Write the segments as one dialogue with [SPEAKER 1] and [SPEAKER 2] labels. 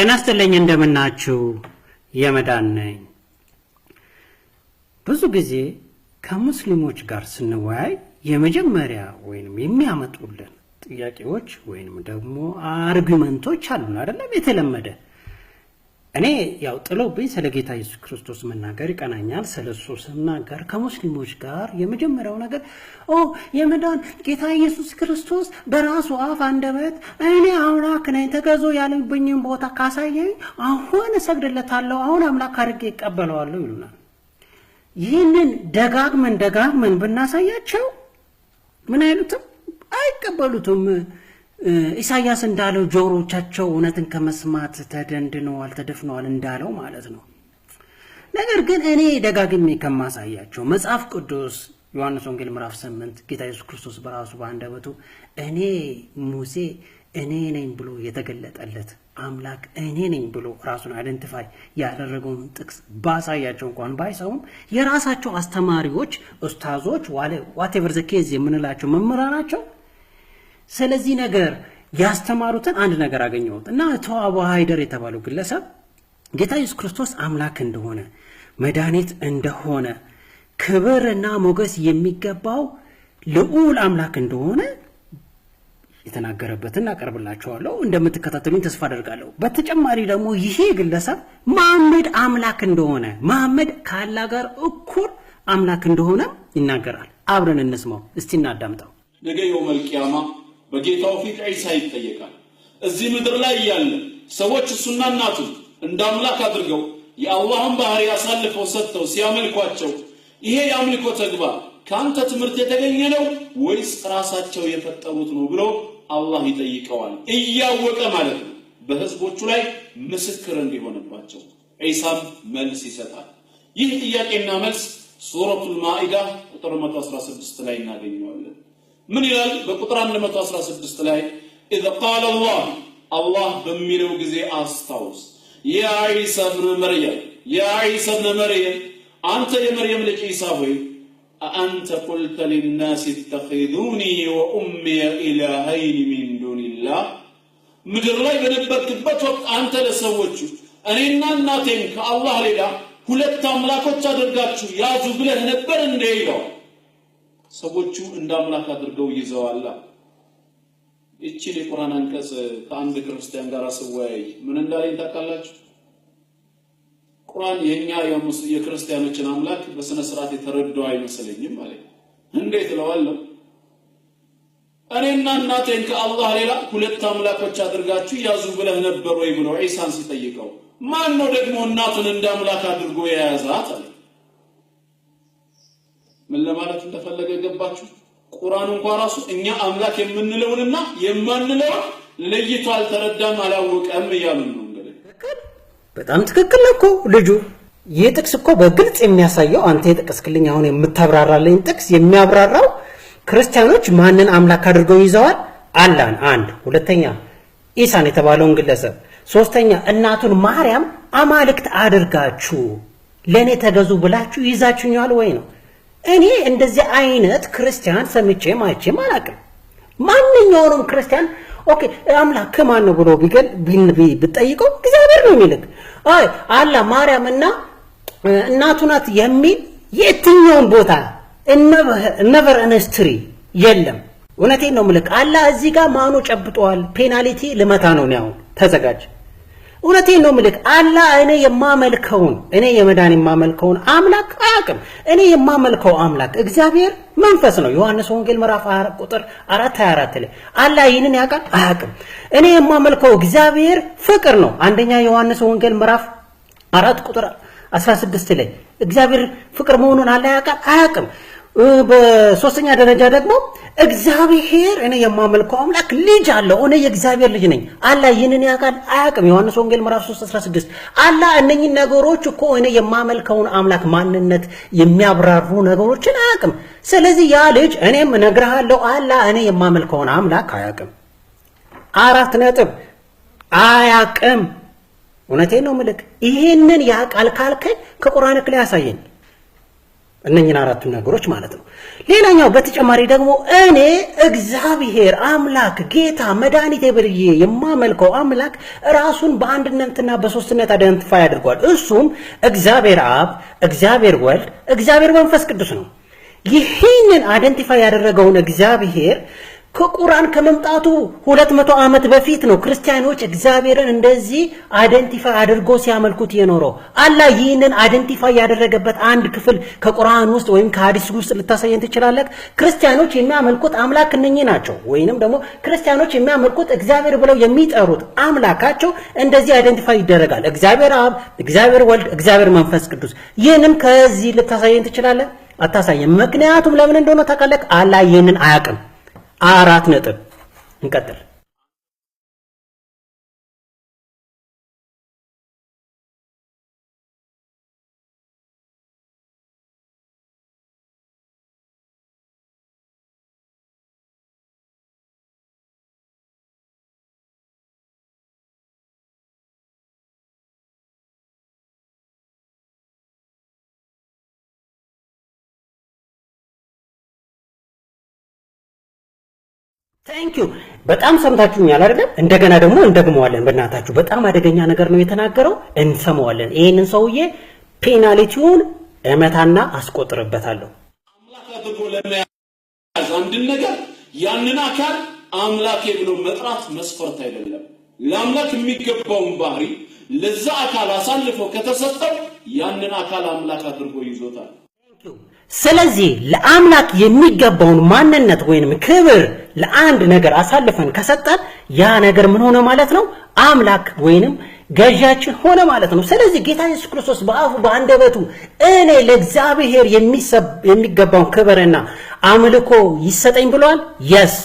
[SPEAKER 1] ጤና እንደምናችው እንደምናችሁ የመዳን ነኝ። ብዙ ጊዜ ከሙስሊሞች ጋር ስንወያይ የመጀመሪያ ወይንም የሚያመጡልን ጥያቄዎች ወይንም ደግሞ አርጊመንቶች አሉን አይደለም የተለመደ እኔ ያው ጥለውብኝ ስለ ጌታ ኢየሱስ ክርስቶስ መናገር ይቀናኛል። ስለ እሱ ስናገር ከሙስሊሞች ጋር የመጀመሪያው ነገር ኦ የመዳን ጌታ ኢየሱስ ክርስቶስ በራሱ አፍ አንደበት እኔ አምላክ ነኝ ተገዞ ያለብኝን ቦታ ካሳየኝ አሁን እሰግድለታለሁ፣ አሁን አምላክ አድርጌ ይቀበለዋለሁ ይሉናል። ይህንን ደጋግመን ደጋግመን ብናሳያቸው ምን አይሉትም፣ አይቀበሉትም። ኢሳያስ እንዳለው ጆሮቻቸው እውነትን ከመስማት ተደንድነዋል፣ ተደፍነዋል እንዳለው ማለት ነው። ነገር ግን እኔ ደጋግሜ ከማሳያቸው መጽሐፍ ቅዱስ ዮሐንስ ወንጌል ምዕራፍ ስምንት ጌታ ኢየሱስ ክርስቶስ በራሱ በአንደበቱ እኔ ሙሴ እኔ ነኝ ብሎ የተገለጠለት አምላክ እኔ ነኝ ብሎ ራሱን አይደንቲፋይ ያደረገውን ጥቅስ ባሳያቸው እንኳን ባይሰውም የራሳቸው አስተማሪዎች፣ ኡስታዞች፣ ዋቴቨር ዘኬዝ የምንላቸው መምህራናቸው ስለዚህ ነገር ያስተማሩትን አንድ ነገር አገኘሁት እና ተዋባ ሃይደር የተባለው ግለሰብ ጌታ ኢየሱስ ክርስቶስ አምላክ እንደሆነ መድኃኒት እንደሆነ ክብርና ሞገስ የሚገባው ልዑል አምላክ እንደሆነ የተናገረበትን አቀርብላችኋለሁ። እንደምትከታተሉኝ ተስፋ አደርጋለሁ። በተጨማሪ ደግሞ ይሄ ግለሰብ መሐመድ አምላክ እንደሆነ መሐመድ ከአላህ ጋር እኩል አምላክ እንደሆነ ይናገራል። አብረን እንስማው እስቲ እናዳምጠው።
[SPEAKER 2] ነገ የውመል ቂያማ በጌታው ፊት ዒሳ ይጠየቃል። እዚህ ምድር ላይ እያለ ሰዎች እሱና እናቱ እንደ አምላክ አድርገው የአላህን ባህሪ አሳልፈው ሰጥተው ሲያመልኳቸው ይሄ የአምልኮ ተግባር ከአንተ ትምህርት የተገኘ ነው ወይስ ራሳቸው የፈጠሩት ነው ብሎ አላህ ይጠይቀዋል። እያወቀ ማለት ነው በህዝቦቹ ላይ ምስክር እንዲሆንባቸው ዒሳም መልስ ይሰጣል። ይህ ጥያቄና መልስ ሱረቱል ማኢዳ ቁጥር 116 ላይ እናገኘዋለን። ምን ይላል? በቁጥር 116 ላይ ኢዝ ቃለ አላህ አላህ በሚለው ጊዜ አስታውስ፣ ያ ዒሳ ብነ መርየም፣ ያ ዒሳ ብን መርየም፣ አንተ የመርየም ልጅ ዒሳ ሆይ አንተ ቁልተ ሊናስ ተኪዙኒ ወኡምየ ኢላሃይን ሚን ዱንላህ ምድር ላይ በነበርክበት ወቅት አንተ ለሰዎቹ እኔና እናቴን ከአላህ ሌላ ሁለት አምላኮች አድርጋችሁ ያዙ ብለህ ነበር እንደ ይለዋል ሰዎቹ እንደ አምላክ አድርገው ይዘዋላ። እቺን የቁርአን አንቀጽ ከአንድ ክርስቲያን ጋር ስወያይ ምን እንዳለኝ ታውቃላችሁ? ቁርአን የኛ የክርስቲያኖችን አምላክ በስነ ስርዓት የተረዳው አይመስለኝም ማለት እንዴት እለዋለሁ? እኔና እናቴን ከአላህ ሌላ ሁለት አምላኮች አድርጋችሁ ያዙ ብለህ ነበር ወይ ብሎ ዒሳን ሲጠይቀው ማን ነው ደግሞ እናቱን እንደ አምላክ አድርጎ የያዛት አለ። ምን ለማለት እንደፈለገ ገባችሁ? ቁርአን እንኳ ራሱ እኛ አምላክ የምንለውንና የማንለውን ለይቶ አልተረዳም፣ አላወቀም እያሉ ነው። እንግዲህ
[SPEAKER 1] በጣም ትክክል እኮ ልጁ። ይህ ጥቅስ እኮ በግልጽ የሚያሳየው አንተ የጠቀስክልኝ አሁን የምታብራራልኝ ጥቅስ የሚያብራራው ክርስቲያኖች ማንን አምላክ አድርገው ይዘዋል? አላን አንድ፣ ሁለተኛ ኢሳን የተባለውን ግለሰብ፣ ሶስተኛ እናቱን ማርያም አማልክት አድርጋችሁ ለእኔ ተገዙ ብላችሁ ይዛችሁኛል ወይ ነው እኔ እንደዚህ አይነት ክርስቲያን ሰምቼ ማይቼም አላውቅም። ማንኛውንም ክርስቲያን ኦኬ አምላክ ማን ነው ብሎ ቢገል ብጠይቀው እግዚአብሔር ነው የሚልክ። አይ አላ ማርያምና እናቱ ናት የሚል የትኛውን ቦታ ነቨር ኢንስትሪ የለም። እውነቴን ነው ምልክ። አላ እዚህ ጋር ማኑ ጨብጠዋል። ፔናሊቲ ልመታ ነው ያሁን ተዘጋጅ እውነቴን ነው ምልክ አላህ እኔ የማመልከውን እኔ የመዳን የማመልከውን አምላክ አያውቅም። እኔ የማመልከው አምላክ እግዚአብሔር መንፈስ ነው። ዮሐንስ ወንጌል ምዕራፍ ቁጥር 4 አራት ላይ አላህ ይህንን ያውቃል አያውቅም። እኔ የማመልከው እግዚአብሔር ፍቅር ነው። አንደኛ ዮሐንስ ወንጌል ምዕራፍ 4 ቁጥር 16 ላይ እግዚአብሔር ፍቅር መሆኑን አላህ ያውቃል አያውቅም። በሶስተኛ ደረጃ ደግሞ እግዚአብሔር እኔ የማመልከው አምላክ ልጅ አለው። እኔ የእግዚአብሔር ልጅ ነኝ። አላ ይህንን ያውቃል አያውቅም? ዮሐንስ ወንጌል ምዕራፍ 3 16 አላ እነኝን ነገሮች እኮ እኔ የማመልከውን አምላክ ማንነት የሚያብራሩ ነገሮችን አያውቅም። ስለዚህ ያ ልጅ እኔም እነግርሃለሁ አላ እኔ የማመልከውን አምላክ አያውቅም። አራት ነጥብ አያውቅም። እውነቴን ነው ምልክ ይህንን ያውቃል ካልከኝ ከቁርአን ላይ ያሳየኝ እነኝን አራቱን ነገሮች ማለት ነው። ሌላኛው በተጨማሪ ደግሞ እኔ እግዚአብሔር አምላክ ጌታ መድኃኒቴ ብዬ የማመልከው አምላክ ራሱን በአንድነትና በሶስትነት አደንትፋ አድርጓል። እሱም እግዚአብሔር አብ፣ እግዚአብሔር ወልድ፣ እግዚአብሔር መንፈስ ቅዱስ ነው። ይህንን አይደንቲፋይ ያደረገውን እግዚአብሔር ከቁርአን ከመምጣቱ ሁለት መቶ ዓመት በፊት ነው ክርስቲያኖች እግዚአብሔርን እንደዚህ አይደንቲፋይ አድርጎ ሲያመልኩት የኖረው። አላህ ይህንን አይደንቲፋይ ያደረገበት አንድ ክፍል ከቁርአን ውስጥ ወይም ከሀዲስ ውስጥ ልታሳየን ትችላለህ? ክርስቲያኖች የሚያመልኩት አምላክ እነኚህ ናቸው፣ ወይንም ደግሞ ክርስቲያኖች የሚያመልኩት እግዚአብሔር ብለው የሚጠሩት አምላካቸው እንደዚህ አይደንቲፋይ ይደረጋል። እግዚአብሔር አብ፣ እግዚአብሔር ወልድ፣ እግዚአብሔር መንፈስ ቅዱስ። ይህንም ከዚህ ልታሳየን ትችላለህ? አታሳየን። ምክንያቱም ለምን እንደሆነ ታውቃለህ? አላህ ይህንን አያውቅም። አራት ነጥብ። እንቀጥል። ታንኪዩ በጣም ሰምታችሁኛል አይደለም? እንደገና ደግሞ እንደግመዋለን። በእናታችሁ በጣም አደገኛ ነገር ነው የተናገረው። እንሰማዋለን። ይህንን ሰውዬ ፔናሊቲውን እመታና አስቆጥርበታለሁ።
[SPEAKER 2] አምላክ አድርጎ ለመያዝ አንድን ነገር ያንን አካል አምላኬ ብሎ መጥራት መስፈርት አይደለም። ለአምላክ የሚገባውን ባህሪ ለዛ አካል አሳልፎ ከተሰጠው ያንን አካል አምላክ አድርጎ ይዞታል።
[SPEAKER 1] ስለዚህ ለአምላክ የሚገባውን ማንነት ወይንም ክብር ለአንድ ነገር አሳልፈን ከሰጠን ያ ነገር ምን ሆነ ማለት ነው? አምላክ ወይንም ገዣችን ሆነ ማለት ነው። ስለዚህ ጌታ ኢየሱስ ክርስቶስ በአፉ በአንደበቱ እኔ ለእግዚአብሔር የሚገባውን ክብርና አምልኮ ይሰጠኝ ብሏል። የስ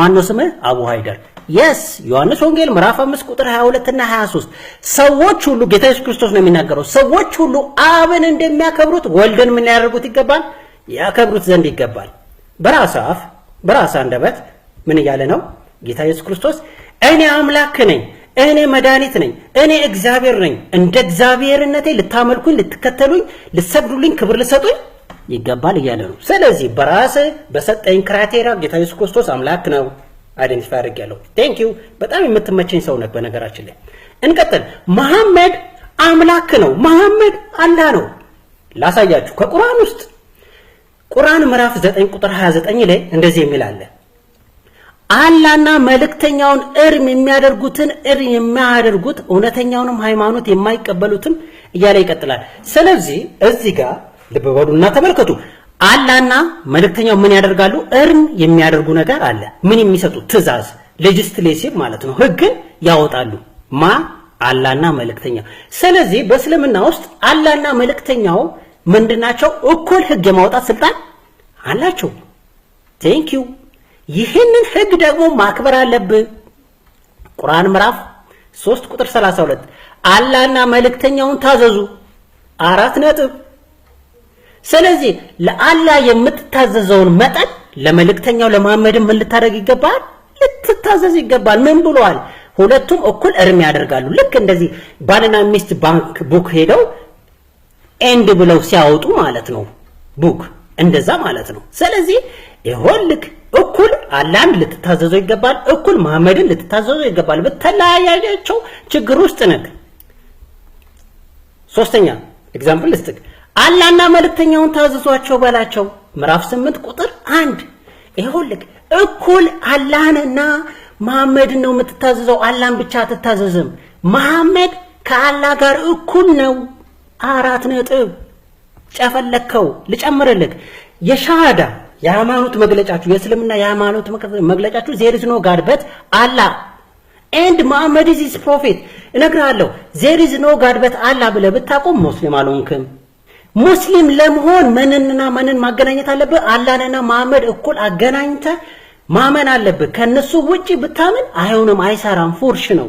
[SPEAKER 1] ማነው ስምህ? አቡ ሀይደር። የስ ዮሐንስ ወንጌል ምዕራፍ 5 ቁጥር 22 እና 23 ሰዎች ሁሉ ጌታ ኢየሱስ ክርስቶስ ነው የሚናገረው። ሰዎች ሁሉ አብን እንደሚያከብሩት ወልድን ምን ያደርጉት ይገባል? ያከብሩት ዘንድ ይገባል። በራስ አፍ በራስ አንደበት ምን እያለ ነው ጌታ ኢየሱስ ክርስቶስ? እኔ አምላክ ነኝ፣ እኔ መድኃኒት ነኝ፣ እኔ እግዚአብሔር ነኝ። እንደ እግዚአብሔርነቴ ልታመልኩኝ፣ ልትከተሉኝ፣ ልትሰግዱልኝ፣ ክብር ልሰጡኝ ይገባል እያለ ነው። ስለዚህ በራስ በሰጠኝ ክራይቴሪያ ጌታ ኢየሱስ ክርስቶስ አምላክ ነው አይደንቲፋይ አድርጌያለሁ። ቴንክ ዩ። በጣም የምትመቸኝ ሰው ነህ በነገራችን ላይ። እንቀጥል። መሐመድ አምላክ ነው፣ መሐመድ አላህ ነው። ላሳያችሁ ከቁርአን ውስጥ ቁርአን ምዕራፍ 9 ቁጥር 29 ላይ እንደዚህ የሚል አለ አላህና መልእክተኛውን እርም የሚያደርጉትን እርም የሚያደርጉት እውነተኛውንም ሃይማኖት የማይቀበሉትም እያለ ይቀጥላል። ስለዚህ እዚህ ጋር ልብ በሉና ተመልከቱ። አላና መልእክተኛው ምን ያደርጋሉ? እርን የሚያደርጉ ነገር አለ። ምን የሚሰጡ ትዕዛዝ፣ ሌጅስሌሲቭ ማለት ነው። ህግን ያወጣሉ። ማ አላና መልእክተኛው። ስለዚህ በእስልምና ውስጥ አላና መልእክተኛው ምንድናቸው? እኩል ህግ የማውጣት ስልጣን አላቸው። ቴንክ ዩ። ይህንን ህግ ደግሞ ማክበር አለብህ። ቁርአን ምዕራፍ 3 ቁጥር 32 አላና መልእክተኛውን ታዘዙ አራት ነጥብ ስለዚህ ለአላህ የምትታዘዘውን መጠን ለመልእክተኛው ለመሐመድም ምን ልታደርግ ይገባል? ልትታዘዝ ይገባል። ምን ብሏል? ሁለቱም እኩል እርም ያደርጋሉ። ልክ እንደዚህ ባልና ሚስት ባንክ ቡክ ሄደው ኤንድ ብለው ሲያወጡ ማለት ነው። ቡክ እንደዛ ማለት ነው። ስለዚህ ይሆን ልክ እኩል አላህን ልትታዘዘው ይገባል፣ እኩል መሐመድን ልትታዘዘው ይገባል። በተለያያቸው ችግር ውስጥ ነግ ሶስተኛ ኤግዛምፕል ልስጥቅ አላና መልእክተኛውን ታዘዟቸው በላቸው። ምዕራፍ 8 ቁጥር አንድ ይኸውልህ እኩል አላህንና መሐመድን ነው የምትታዘዘው። አላህን ብቻ አትታዘዝም። መሐመድ ከአላህ ጋር እኩል ነው። አራት ነጥብ ጨፈለከው። ልጨምርልህ የሻሃዳ የሃይማኖት መግለጫችሁ የእስልምና የሃይማኖት መግለጫችሁ ዜር ኢዝ ኖ ጋድ በት አላህ ኤንድ መሐመድ ኢዝ ፕሮፌት። እነግርሃለሁ ዜር ኢዝ ኖ ጋድ በት አላህ ብለህ ብታቆም ሙስሊም አልሆንክም። ሙስሊም ለመሆን ምንንና ምንን ማገናኘት አለብህ? አላህንና መሐመድ እኩል አገናኝተ ማመን አለብህ። ከነሱ ውጪ ብታምን አይሆንም፣ አይሰራም፣ ፉርሽ ነው።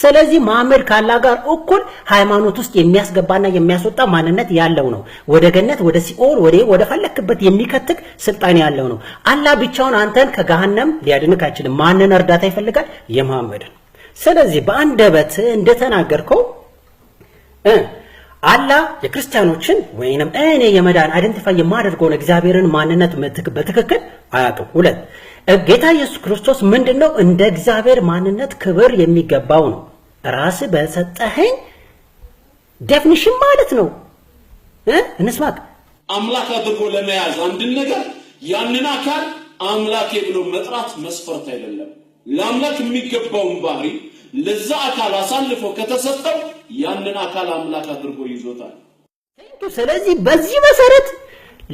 [SPEAKER 1] ስለዚህ መሐመድ ካላ ጋር እኩል ሃይማኖት ውስጥ የሚያስገባና የሚያስወጣ ማንነት ያለው ነው። ወደ ገነት፣ ወደ ሲኦል፣ ወደ ወደ ፈለክበት የሚከትክ ስልጣን ያለው ነው። አላህ ብቻውን አንተን ከገሃነም ሊያድንክ አይችልም። ማንን እርዳታ ይፈልጋል? የመሐመድን። ስለዚህ በአንደበት እንደተናገርከው በኋላ የክርስቲያኖችን ወይንም እኔ የመዳን አይደንቲፋይ የማደርገውን እግዚአብሔርን ማንነት በትክክል አያውቅም። ሁለት ጌታ ኢየሱስ ክርስቶስ ምንድን ነው? እንደ እግዚአብሔር ማንነት ክብር የሚገባው ነው። ራስ በሰጠኸኝ ዴፍኒሽን ማለት ነው። እንስማቅ
[SPEAKER 2] አምላክ አድርጎ ለመያዝ አንድን ነገር ያንን አካል አምላኬ ብሎ መጥራት መስፈርት አይደለም። ለአምላክ የሚገባውን ባህሪ ለዛ አካል አሳልፎ ከተሰጠው ያንን አካል አምላክ አድርጎ ይዞታል።
[SPEAKER 1] ስለዚህ በዚህ መሰረት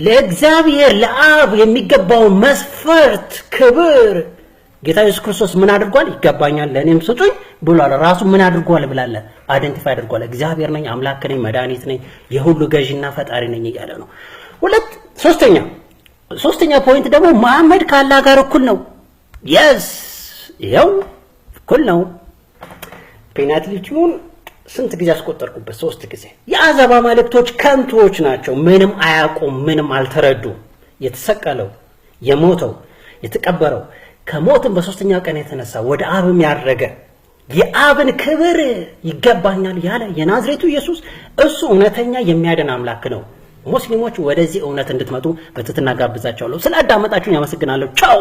[SPEAKER 1] ለእግዚአብሔር ለአብ የሚገባው መስፈርት ክብር ጌታ ኢየሱስ ክርስቶስ ምን አድርጓል? ይገባኛል፣ ለእኔም ስጡኝ ብሏል። ራሱ ምን አድርጓል ብላለ? አይደንቲፋይ አድርጓል። እግዚአብሔር ነኝ፣ አምላክ ነኝ፣ መድኃኒት ነኝ፣ የሁሉ ገዢና ፈጣሪ ነኝ እያለ ነው። ሁለት ሶስተኛ ሶስተኛ ፖይንት ደግሞ መሐመድ ካላ ጋር እኩል ነው። የስ ይኸው እኩል ነው። ፔናልቲውን ስንት ጊዜ አስቆጠርኩበት? ሶስት ጊዜ። የአዛባ ማለክቶች ከንቶች ናቸው፣ ምንም አያውቁም፣ ምንም አልተረዱ። የተሰቀለው የሞተው የተቀበረው ከሞትም በሶስተኛው ቀን የተነሳ ወደ አብም ያረገ የአብን ክብር ይገባኛል ያለ የናዝሬቱ ኢየሱስ እሱ እውነተኛ የሚያድን አምላክ ነው። ሙስሊሞች ወደዚህ እውነት እንድትመጡ በትህትና ጋብዛቸዋለሁ። ስለ አዳመጣችሁን ያመሰግናለሁ። ቻው